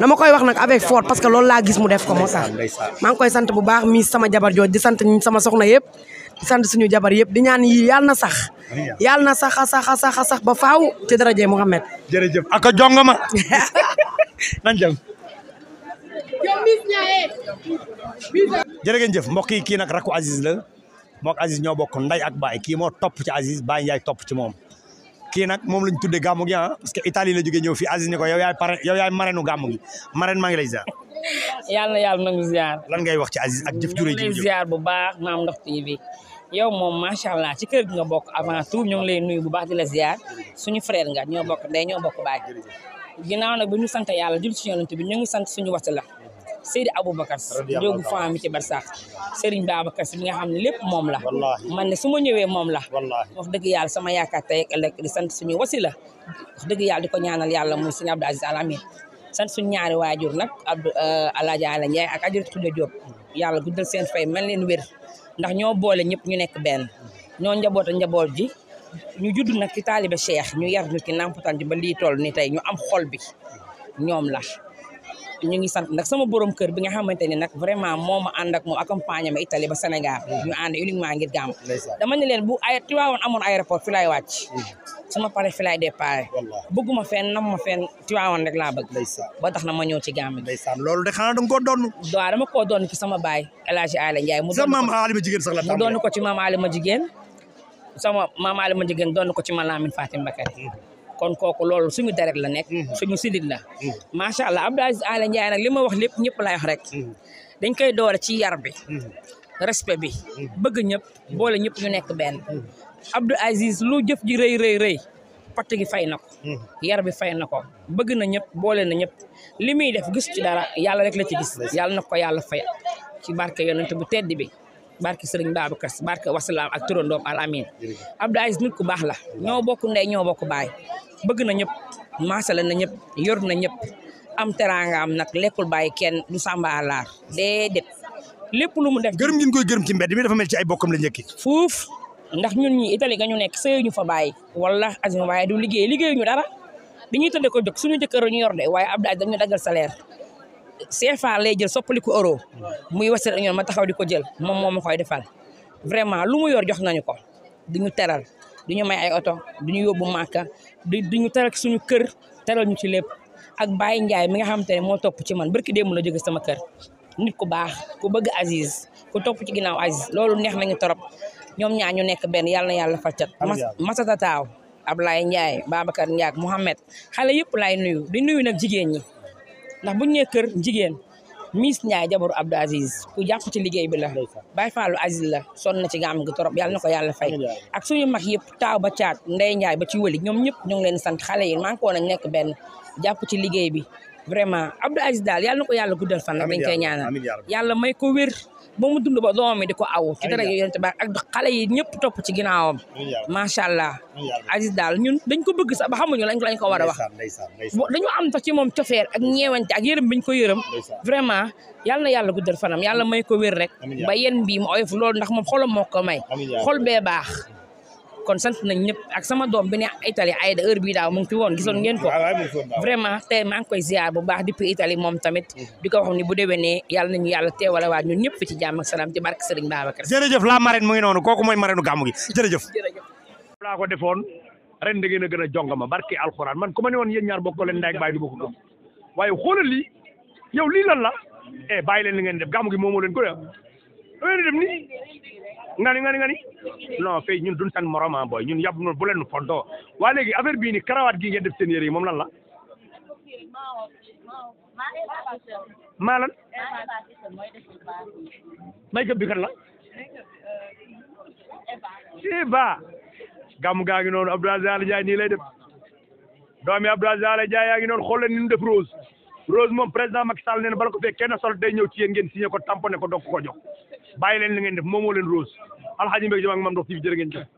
dama koy wax nag avec force parce que loolu laa gis mu def ko moo tax maa ngi koy sant bu baax mi sama jabar jooj di sant sama soxna yëpp di sant suñu jabar yëpp di ñaan yi na sax yàlla na sax a sax a sax a sax ba faaw ci daraje Mouhamed jërëjëf ak a jongo ma nan jëm mbokk yi kii nag rakku Aziz la mbokk Aziz ñoo bokk nday ak baay kii moo topp ci Aziz baay Ndiaye topp ci moom kii nag moom lañ tuddee gàmmu gi ah parce que Italie la jógee ñëw fii Aziz ni ko yow yaay pare yow yaay marraine gàmmu gi marraine yàlla na yàlla nangu ziar. lan ngay wax ci Aziz ak jëf jure ji ñu bu baax Maam Ndox TV yow moom macha allah ci kër gi nga bokk avant tout ñoo ngi lay bu baax di la ziar suñu frère nga ñoo bokk ndey ñoo bokk baay ginnaaw nag bu ñu sant yàlla jul ci yonent bi ñu ngi sant suñu wasila la Seydi Aboubacar jógu fan mi ci barsax Serigne Babacar si mi nga xam lépp moom la man ne su ma ñëwee moom la wax dëgg yàlla sama yaakaar tey sant suñu wasila wax dëgg yàlla di ko ñaanal yàlla muy Serigne Abdou Aziz Al Amine sant suñu ñaari waajur nag Abdou euh, Alaaji Ala Ndiaye ak Adjara Tulle yàlla guddal seen fay mel leen wér ndax ñoo boole ñëpp ñu nekk benn ñoo njaboot njaboot ji ñu judd nag ci ba Cheikh ñu yar ñu ci nàmpatal ji ba lii toll ni tey ñu am xol bi ñoom la ñu ngi sant nag sama borom kër bi nga xamante ni nag vraiment moo ma ànd ak moom accompagné ma Italie ba Sénégal mm-hmm. ñu ànd uniquement ngir gàmm dama ne leen bu ay Tiwaawoon amoon aéroport fi laay wàcc mm-hmm. su ma paree fi laay départ nam ma fenn Tiwaawoon rek laa bëgg ba tax na ma ñëw ci gàmm gi loolu de xanaa danga koo doon waaw koo doon ci sama baay El Hadji Aly Ndiaye mu doon ko ci maam Alima jigéen sama maam Alima jigéen doon ko ci ma Lamine Fatim Bakary mm-hmm. kon kooku loolu suñu deret la nekk mm-hmm. suñu sidit la mm-hmm. macha allah Abdou Aziz ale Ndiaye nag li ma wax lépp ñëpp laay wax rek mm-hmm. dañ koy doole ci yar bi respect bi bëgg ñëpp boole ñëpp ñu nekk benn Abdou Aziz lu jëf ji rëy rëy rëy patt gi fay na ko yar bi fay na ko bëgg na ñëpp boole na ñëpp li muy def gis ci dara yàlla rek la ci gis yàlla na ko yàlla fay ci barke yonent bu tedd bi barke Sëriñ Babacar Sy barke wasalaam ak turandoom al amin Abdou Aziz nit ku baax la ñoo bokk ndey ñoo bokk baay bëgg na ñëpp maasale na ñëpp yor na ñëpp am teraangaam nag lekkul bàyyi kenn du sàmba laar déedéet lépp lu mu def. gërëm ngeen koy gërëm ci mbedd mi dafa mel ci ay bokkam la njëkki fuuf ndax ñun ñi Italie nga ñu nekk sëy ñu fa bàyyi wala azim waaye du liggéey liggéey ñu dara bi ñuy tëddee ko jóg suñu jëkkër ñu yor de waaye Abdou Aziz dañu daggal salaire CFA lay jël soppali ko euro muy Western Union ma taxaw di ko jël moom moo ma koy defal vraiment lu mu yor jox nañu ko duñu teral duñu may ay oto duñu yóbbu màkka ñu teral suñu kër teral ñu ci lépp ak Baye Ndiaye mi nga xamante ne moo topp ci man barki démb la jóge sama kër nit ku baax ku bëgg Aziz ku topp ci ginnaaw Aziz loolu neex nañu torop ñoom ñaar ñu nekk benn yàlla na yàlla faccat Masata Taaw Ablaye Ndiaye Babacar Ndiaye Mouhamed xale yëpp laay nuyu di nuyu nag jigéen ñi ndax buñu nee kër jigéen Miss Ndiaye jabaru Abdou Aziz ku jàpp ci liggéey bi la Baye Fallou Aziz la soon na ci gaam gi torop yàlla na ko yàlla fay ak suñu mag yëpp taaw ba caat Ndeye Ndiaye ba ci wëli ñoom ñëpp ñu ngi leen sant xale yi man koo nañ nekk benn jàpp ci liggéey bi vraiment Abdou Aziz daal yàlla na ko yàlla guddal fan. amiin dañ koy ñaanal yàlla may ko wér. ba mu dund ba doomam yi di ko aw. ci dara yonent ba ak xale yi ñëpp topp ci ginnaawam. macha allah. Aziz dañ ko bëgg sax ba xamuñu lañ ko lañ ko war a wax. dañoo am sax moom cofeer ak ñeewante ak yërëm biñ ko yërëm. vraiment yàlla na yàlla guddal fanam yàlla may ko wér rek. ba yéen bii mu oyof loolu ndax moom xolam moo ko may. xol bee baax. kon sant nañ ñëpp ak sama doom bi ne Italie Aïda heure bii daaw mu ngi gisoon ngeen ko ah, vraiment tey maa koy ziar bu baax depuis Italie moom tamit mm-hmm. di ko wax ni bu déwénee yàlla nañu yàlla teewala waat ñun ñëpp fi ci jàmm ak salaam ci barke Serigne Babacar jërëjëf la marraine mu ngi noonu kooku mooy marraine gàmmu gi jërëjëf laa ko defoon ren da ngeen a gën a jongama barke alxuraan man ku ma ne woon ñaar bokko leen ndaay du ma waaye xoolal lii yow lii eh, li nga ni nga ni nga ni non fay ñun duñ seen moroma ah, booy ñun yab noonu bu leen foddoo waa léegi affaire bi ni karawaat gi ngeen def seen yére yi moom lan la maa lan make bi kan la Eva gàmm gaa ngi noonu Abdou Aziz Ndiaye nii lay def doomi Abdou Aziz Ndiaye yaa ngi noonu xool leen ni ñu def rose Rose moom président Macky Sall nee kenn sol day ñëw ci yéen ko tamponné ko doog ko jox bàyyi leen li ngeen def Rose alxaaji mbéy jëm ak mam ndox ci bi